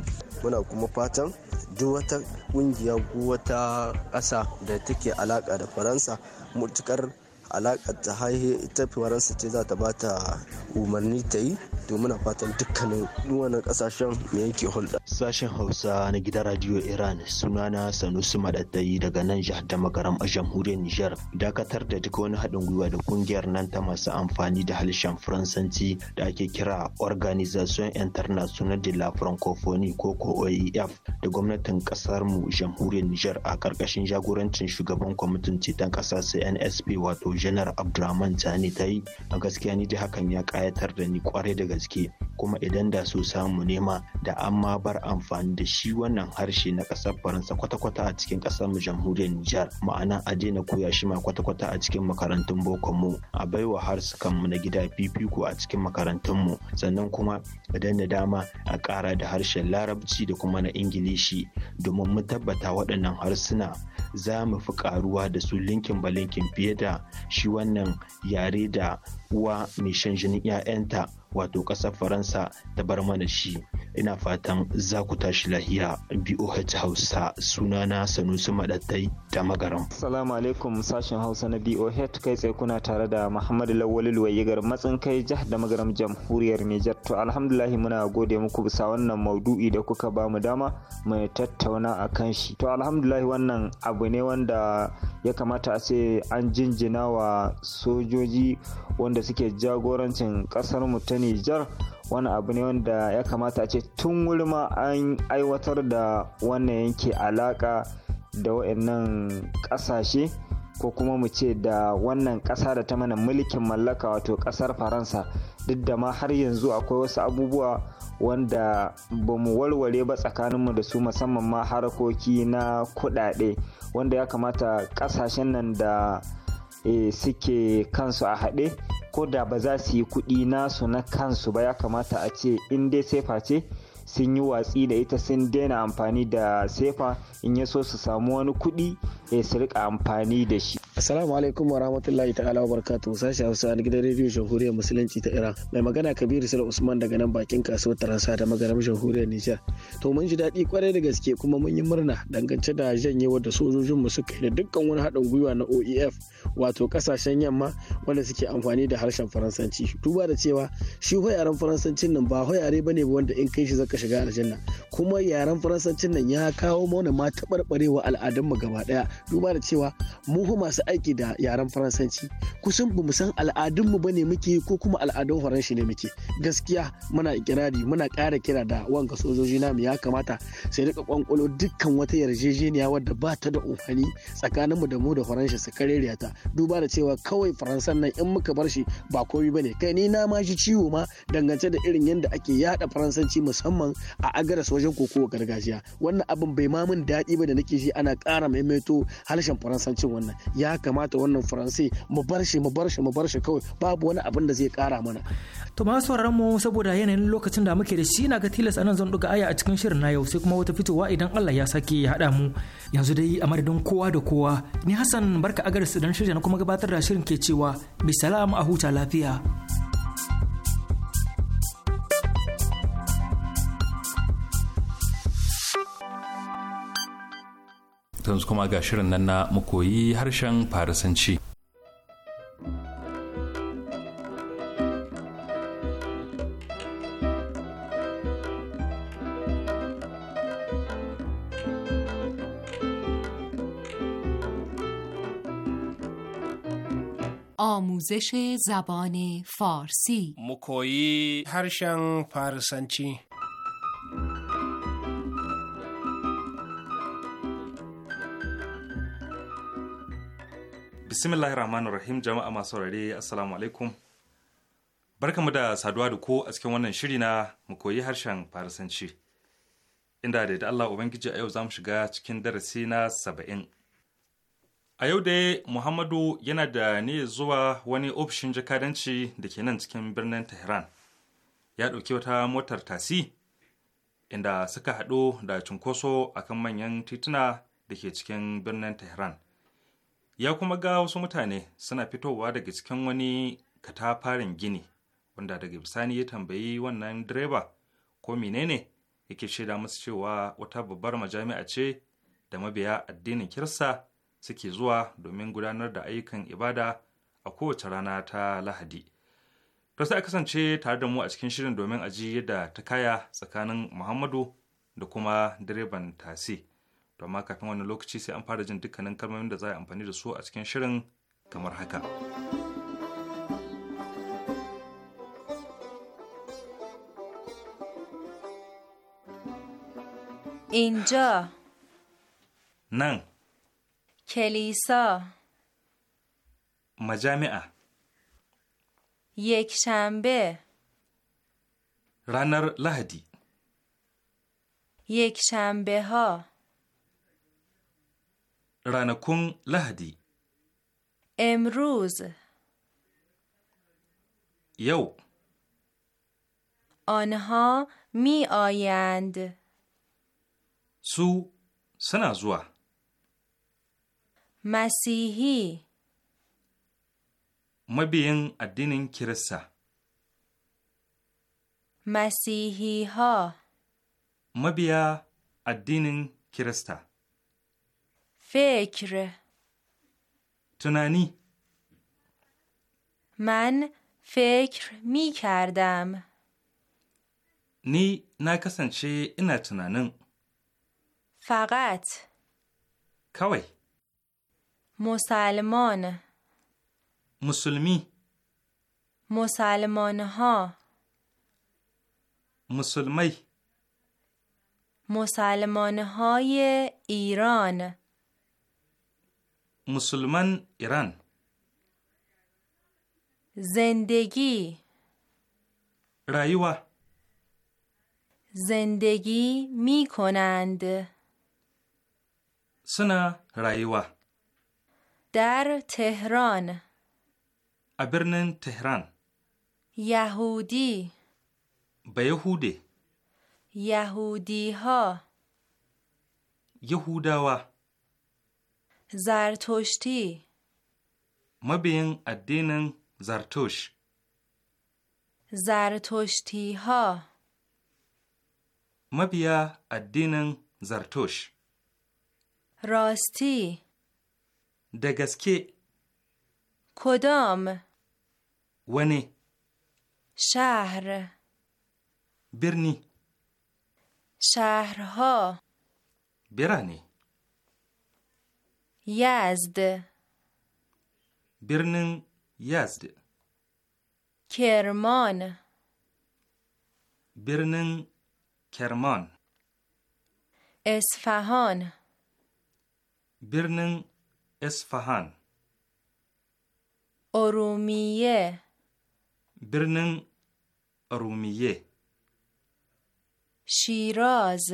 muna kuma fatan duk wata kungiya ko wata ƙasa da take alaƙa da faransa mutukar alaƙar ta haihe ita faransa ce za ta ba ta umarni ta yi to muna fatan dukkanin wannan kasashen mai yake hulɗa. sashen hausa na gidan radio iran sunana sanusi maɗaɗɗai daga nan jihar da makaram a jamhuriyar niger dakatar da duka wani haɗin gwiwa da kungiyar nan ta masu amfani da harshen faransanci da ake kira organisation international de la francophonie ko ko oef da gwamnatin ƙasar mu jamhuriyar niger a ƙarƙashin jagorancin shugaban kwamitin ceton ƙasa cnsp wato janar abdulrahman sani ta yi a gaskiya ni dai hakan ya kayatar da ni kwarai da gaske kuma idan da su samu nema da an ma bar amfani da shi wannan harshe na kasar faransa kwata-kwata a cikin kasar mu jamhuriyar nijar ma'ana a daina koya shi ma kwata-kwata a cikin makarantun boko mu a baiwa harsukan mu na gida fifiko a cikin makarantun mu sannan kuma idan da dama a kara da harshen larabci da kuma na ingilishi domin mu tabbata waɗannan harsuna za mu fi karuwa da su linkin ba linkin fiye da shi wannan yare da uwa mai shan jinin 'ya'yanta wato ƙasar faransa ta bar mana shi ina fatan za ku tashi lahiya boh hausa suna na sanusi maɗattai da magaram salamu alaikum sashen hausa na boh kai tsaye kuna tare da muhammadu lawali luwaye matsin kai jihar da magaram jamhuriyar nijar to alhamdulahi muna gode muku bisa wannan maudu'i da kuka ba mu dama mai tattauna a kan shi to alhamdulahi wannan abu ne wanda ya kamata a ce an jinjina wa sojoji wanda suke jagorancin kasar mu ta Nijar wani abu ne wanda ya kamata a ce tun wuri ma an aiwatar da wannan yanke alaka da waɗannan ƙasashe ko kuma mu ce da wannan ƙasa da ta mana mulkin mallaka wato ƙasar faransa duk da ma har yanzu akwai wasu abubuwa wanda ba mu warware ba tsakaninmu da su musamman ma harkoki na kuɗaɗe wanda ya kamata ƙasashen nan da e, suke kansu a haɗe ko da ba za su yi kuɗi nasu na kansu ba ya kamata a ce in dai sefa ce sun yi watsi da ita sun daina amfani da sefa in ya so su samu wani kuɗi su rika amfani da shi Assalamu alaikum wa rahmatullahi ta'ala wa barakatuhu sashi Hausa na gidan rediyo Jamhuriyar Musulunci ta Iran. Mai magana Kabiru Sala Usman daga nan bakin kasuwar Taransa da magaram Jamhuriyar Nijar. To mun ji daɗi kwarai da gaske kuma mun yi murna dangance da janyewar da sojojin mu suka yi da dukkan wani haɗin gwiwa na OEF wato kasashen yamma wanda suke amfani da harshen Faransanci. Duba da cewa shi hoyaren Faransancin nan ba hoyare bane ba wanda in kai shi zaka shiga aljanna. Kuma yaren Faransancin nan ya kawo mana ma taɓarɓarewa al'adunmu gaba ɗaya duba da cewa mu masu aiki da yaren faransanci kusan bamu san al'adunmu bane muke ko kuma al'adun faranshi ne muke gaskiya muna ikirari muna kara kira da wanga sojoji na namu ya kamata sai rika kwankwalo dukkan wata yarjejeniya wadda ba ta da umfani tsakaninmu da mu da faranshi su kareriya ta duba da cewa kawai faransan nan in muka bar shi ba komai bane kai ni na ma shi ciwo ma dangance da irin yadda ake yada faransanci musamman a agaras wajen kokowa gargajiya wannan abin bai ma min daɗi ba da nake shi ana ƙara maimaito harshen faransanci wannan ya kamata wannan faransai mu bar shi mu bar shi mu bar shi kawai babu wani abin da zai kara mana to ma sauraron mu saboda yanayin lokacin da muke da shi na ga tilas anan zan duga aya a cikin shirin na yau sai kuma wata fitowa idan Allah ya sake ya hada mu yanzu dai a madadin kowa da kowa ni Hassan barka su dan shirya na kuma gabatar da shirin ke cewa bisalam a huta lafiya yanzu kuma ga shirin nan na mukoyi harshen farisanci آموزش زبان فارسی مکویی هرشن فارسنچی bismillahi rahmanir rahim jama'a masu saurare assalamu alaikum barkamu da saduwa da ku a cikin wannan shiri na mu koyi harshen farisanci inda da Allah ubangiji a yau za mu shiga cikin darasi na saba'in a yau dai muhammadu yana da niyyar zuwa wani ofishin jakadanci da ke nan cikin birnin tehran ya ɗauki wata motar tasi inda suka haɗu da cunkoso akan manyan tituna da ke cikin birnin tehran ya kuma ga wasu mutane suna fitowa daga cikin wani katafaren gini wanda daga bisani ya tambayi wannan direba ko menene yake shaida masu cewa wata babbar majami'a ce da mabiya addinin kirsa suke zuwa domin gudanar da ayyukan ibada a kowace rana ta lahadi to sai a kasance tare da mu a cikin shirin domin aji yadda ta kaya tsakanin muhammadu da kuma direban tasi. to amma kafin wani lokaci sai an fara jin dukkanin kalmomin da za a amfani da su a cikin shirin kamar haka. اینجا nan. کلیسا majami'a. یک شنبه رانر لهدی یک شنبه ها ranakun Lahadi. Emruz. Yau. Onha mi oyand. Su suna zuwa. Masihi. Mabiyin addinin Kirista. Masihi ha. Mabiya addinin Kirista. فکر تنانی من فکر می کردم نی نکسن چه اینا فقط کوی مسلمان مسلمی مسلمان ها مسلمی مسلمان های ایران مسلمان ایران زندگی رایوا زندگی می کنند سنا رایوا در تهران ابرنن تهران یهودی به یهودی یهودی ها یهودا زرتشتی مبین الدین زرتوش زرتشتی ها مبیا الدین زرتوش راستی دگسکی کدام ونی شهر برنی شهرها برانی یزد برنن یزد کرمان برنن کرمان اسفهان برنن اسفهان ارومیه برنن ارومیه شیراز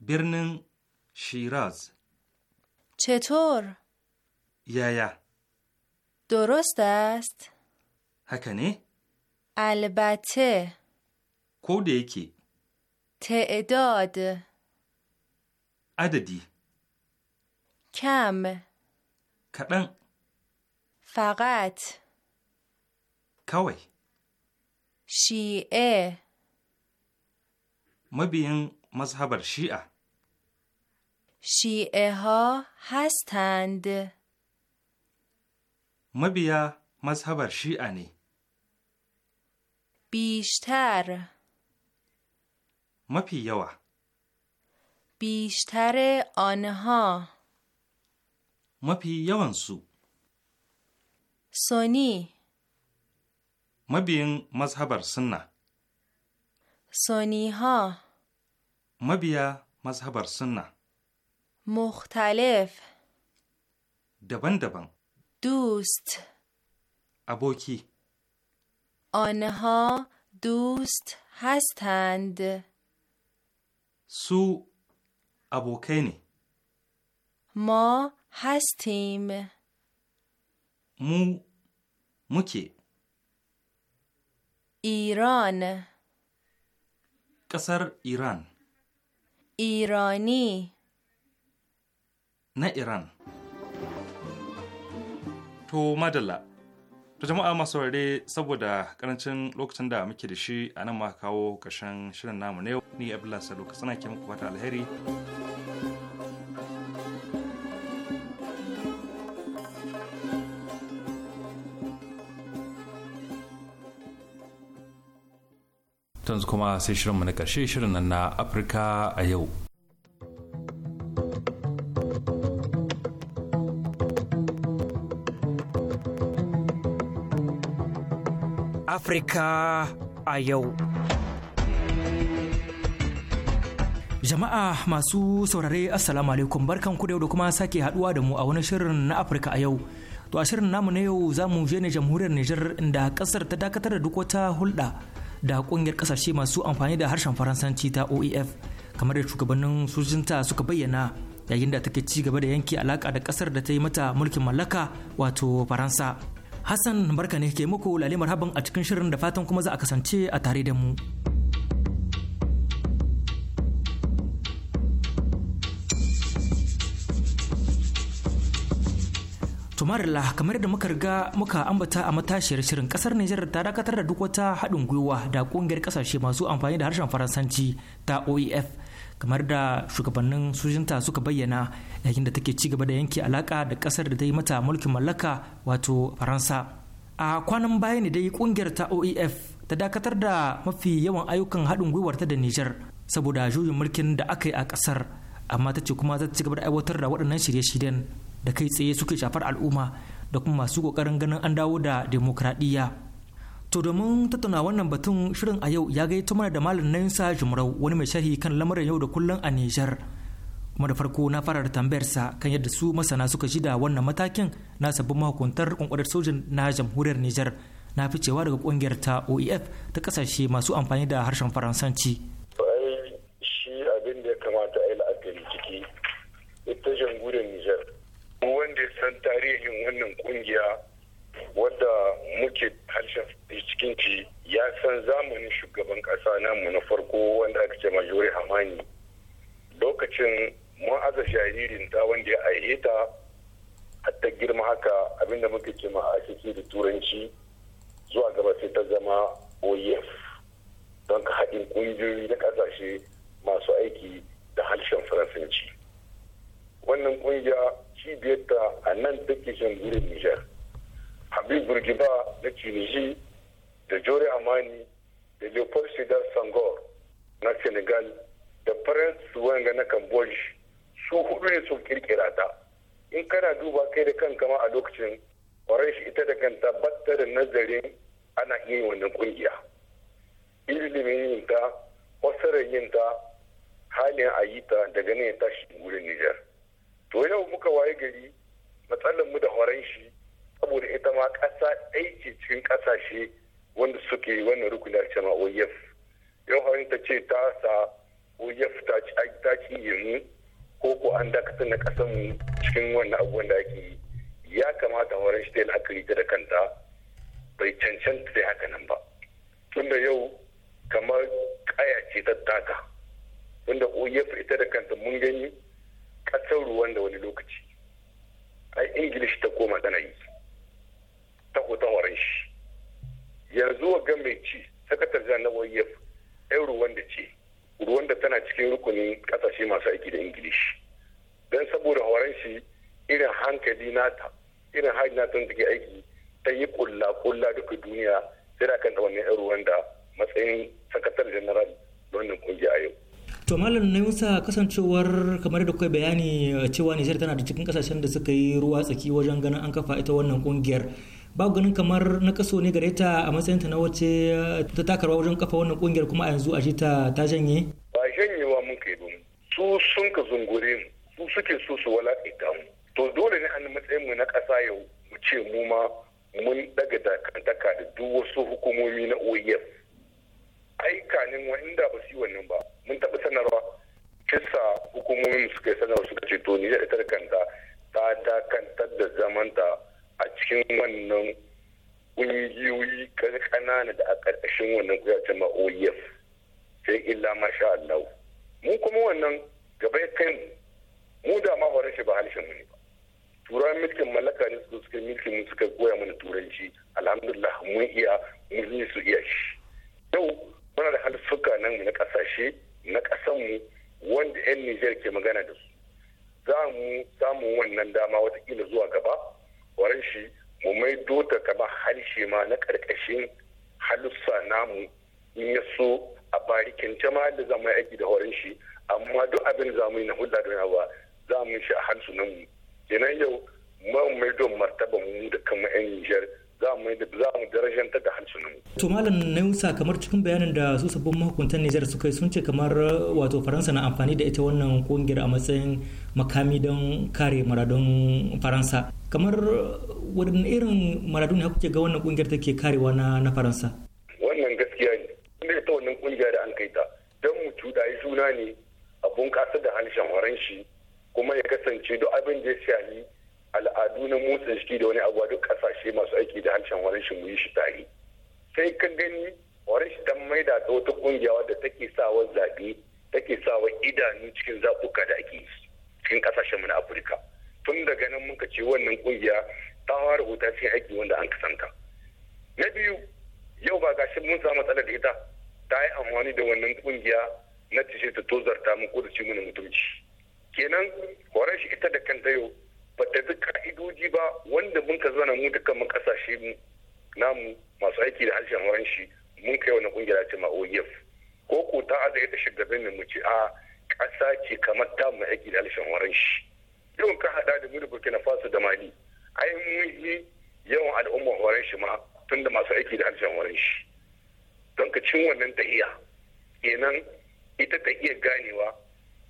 برنن شیراز چطور؟ یا یا درست است؟ هکنی؟ البته کوده تعداد عددی کم کدن فقط کوی شیعه مبین مذهب شیعه شیعه ها هستند مبیا مذهب شیعه بیشتر مپی یوا بیشتر آنها مپی یوانسو سونی مبین مذهب سنن سونی ها مبیا مذهب سنن مختلف دبن دبن دوست ابوکی آنها دوست هستند سو ابوکینی ما هستیم مو مکی ایران قصر ایران ایرانی na Iran. To madalla, to jama'a masu ware saboda karancin lokacin da muke da shi a nan ma kawo ƙarshen shirin namu na yau ni Abdullahi Salo ka ke muku fata alheri. tanzu kuma sai shirinmu na ƙarshe shirin nan na Afirka a yau. Afrika a yau. Jama'a masu saurare Assalamu alaikum barkan ku da yau da kuma sake haduwa da mu a wani shirin na Afirka a yau. To a shirin namu na yau za mu je ne jamhuriyar Nijar inda kasar ta dakatar da duk wata hulɗa da kungiyar kasashe masu amfani da harshen Faransanci ta OEF kamar da shugabannin sojinta suka bayyana yayin da take ci gaba da yanke alaka da kasar da ta yi mata mulkin mallaka wato Faransa. Hassan barka ne ke muku lalle marhaban a cikin shirin da fatan kuma za a kasance a tare da mu. Tumarila kamar da muka riga muka ambata a matashiyar shirin kasar Nijar ta dakatar da duk wata haɗin gwiwa da ƙungiyar ƙasashe masu amfani da harshen Faransanci ta OEF kamar da shugabannin sojanta suka bayyana yayin da take ci gaba da yanke alaka da kasar da ta yi mata mulkin mallaka wato faransa a kwanan baya ne dai kungiyar ta oef ta dakatar da mafi yawan ayyukan haɗin gwiwarta da nijar saboda juyin mulkin da aka yi a kasar amma ta ce kuma za ta ci gaba da aiwatar da waɗannan shirye-shiryen da kai tsaye suke shafar al'umma da kuma masu ƙoƙarin ganin an dawo da demokradiyya To domin tattauna wannan batun shirin a yau ya gaito mana da malam Nansa Jumrau wani mai sharhi kan lamarin yau da kullun a Nijar. Kuma da farko na fara da sa kan yadda su masana suka ji da wannan matakin na sabbin mahukuntar kwankwadar sojin na jamhuriyar Nijar na ficewa daga kungiyar ta OEF ta kasashe masu amfani da harshen Faransanci. shi abin ya kamata a yi la'akari ciki ita jamhuriyar Nijar. Wanda ya san tarihin wannan kungiya wanda muke harshen cikin ci ya san zamanin shugaban ƙasa namu na farko wanda aka ce majori hamani lokacin mun aza jaririn ta wanda ya aihe ta hatta girma haka abinda muka ce ma a da turanci zuwa gaba sai ta zama oef don ka haɗin ƙungiyoyi na ƙasashe masu aiki da harshen faransanci wannan ƙungiya cibiyarta a nan take shan gurin nijar habib burgiba da tunisi da jore amani da leopold sidar sangor na senegal da prince wanga na cambodge su hudu ne sun kirkira ta in kana duba kai da kankama kama a lokacin kwarai ita da kanta batta da nazarin ana iya yin wannan kungiya ilimin yin ta wasarar yin ta halin a yi ta daga nan ya tashi wurin nijar to yau muka waye gari matsalar mu da horon shi saboda ita ma ƙasa aiki cikin ƙasashe wanda suke wannan rukuni a cewa oyef yau ta ce ta sa oyef ta ci mu ko ko an dakatar da ƙasar mu cikin wannan abubuwan da ake ya kamata horon shi ta yi la'akari ta da kanta bai cancanta da haka nan ba tunda yau kamar ƙaya ce ta taka wanda oyef ita da kanta mun gani ƙasar ruwan da wani lokaci ai ingilishi ta koma tana yi ta hoton shi yanzu wa ga mai ci sakatar jihar na oef yan ruwan da ce ruwan da tana cikin rukunin kasashe masu aiki da ingilishi don saboda horon shi irin hankali nata irin hajji nata da take aiki ta yi kulla kulla duka duniya sai da kan wannan yan ruwan da matsayin sakatar general da wannan kungiya a yau to malam na yusa kasancewar kamar da kai bayani eh, cewa nijar tana da cikin kasashen da suka yi ruwa tsaki wajen ganin an kafa ita wannan kungiyar ba ganin kamar na kaso ne gare ta a matsayin eh, ta na wace ta taka rawa wajen kafa wannan kungiyar kuma a yanzu a ta ta janye ba wa muka yi ba su sun ka zungure mu su suke so su wala mu to dole ne an matsayin mu na kasa yau mu ce mu ma mun daga dakantaka da duk wasu hukumomi na e kanin wa inda ba su yi wannan ba mun taɓa sanarwa kisa hukumomin suka yi sanarwa suka ce to ni da ita kanta ta dakantar da zamanta a cikin wannan ƙungiyoyi ƙanana da a ƙarƙashin wannan ƙungiyar ta ma'oyef sai illa masha Allah mu kuma wannan gaba ya kai mu da ma horon ba halishin mu ne ba turawan mulkin mallaka ne su suka mulkin mu suka goya mana turanci alhamdulillah mu iya mu ne su iya shi yau muna da haliffuka nan na ƙasashe na mu wanda 'yan Nijar ke magana da su za mu samu wannan dama watakila zuwa gaba warin shi mu maido ta kama harshe ma na karkashin halussa namu in ya so a barikin ta da zama aiki da horon shi amma duk abin za mu yi na hulɗa da yawa za mu shi a harsunan mu kenan yau mu maido martaba mu da kama yan nijar za mu darajanta da harsunan To Malam Nausa kamar cikin bayanin da su sabbin mahukuntan Nijar suka yi sun ce kamar wato Faransa na amfani da ita wannan kungiyar a matsayin makami don kare maradun faransa kamar wadannan irin maradun ne kuke ga wannan kungiyar take karewa na faransa wannan gaskiya ne inda ta wannan kungiya da an kai ta don mu cuɗayi juna ne a bunƙasa da harshen faranshi kuma ya kasance duk abin da ya shahi al'adu na motsa jiki da wani abu duk kasashe masu aiki da harshen faranshi mu yi shi tare sai ka gani faranshi ta maida ta wata kungiya wadda take sawa zaɓe take sawa idanu cikin zaɓuka da ake yi cikin kasashen mu na afirka tun daga nan muka ce wannan kungiya ta fara rubuta cikin aiki wanda an kasanta na biyu yau ba gashi mun samu matsalar da ita ta yi amfani da wannan kungiya na tishe ta tozarta mu ko da ci mana mutunci kenan horon shi ita da kanta yau ba ta fi ka'idoji ba wanda mun ka zana mu dukkan mu kasashe mu namu masu aiki da harshen horon shi mun kai wannan kungiya ce ma OEF ko ko ta aza ita shugaban mu ce a ƙasa ce kamar ta mu aiki da alshen warin shi yawan ka hada da muri burkina faso da mali ai mun yawan al'ummar warin shi ma tun da masu aiki da alshen warin shi don ka cin wannan tahiya kenan ita ta iya ganewa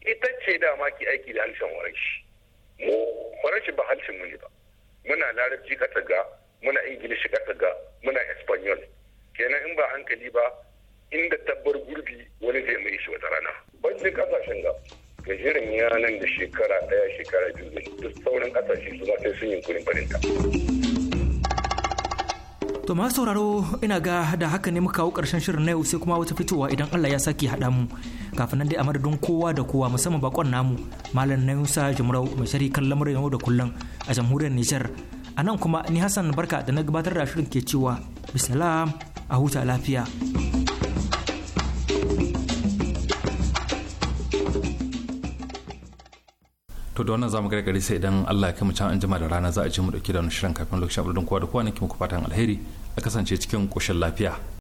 ita ce dama ki aiki da alshen warin shi mu warin shi ba halcin mu ne ba muna larabci ka tsaga muna ingilishi ka tsaga muna espanyol kenan in ba hankali ba inda tabbar gurbi wani zai mai shi wata rana bacci kasashen ga gajeren yanan da shekara daya shekara biyu zai duk sauran kasashe su ma sai sun yi kurin ta. To masu sauraro ina ga da haka ne muka kawo karshen shirin na yau sai kuma wata fitowa idan Allah ya sake haɗa mu. Kafin nan dai a madadin kowa da kowa musamman bakon namu Malam na Yusa jimrau mai shari kan lamarin yau da kullum a jamhuriyar Nijar. A nan kuma ni Hassan Barka da na gabatar da shirin ke cewa bisalam a huta lafiya. to da wannan zamu gargare sai idan Allah ya kai mu can an jima da rana za a je mu dauki da wani shirin kafin lokacin abudin kowa da kowa ne ke muku fatan alheri a kasance cikin koshin lafiya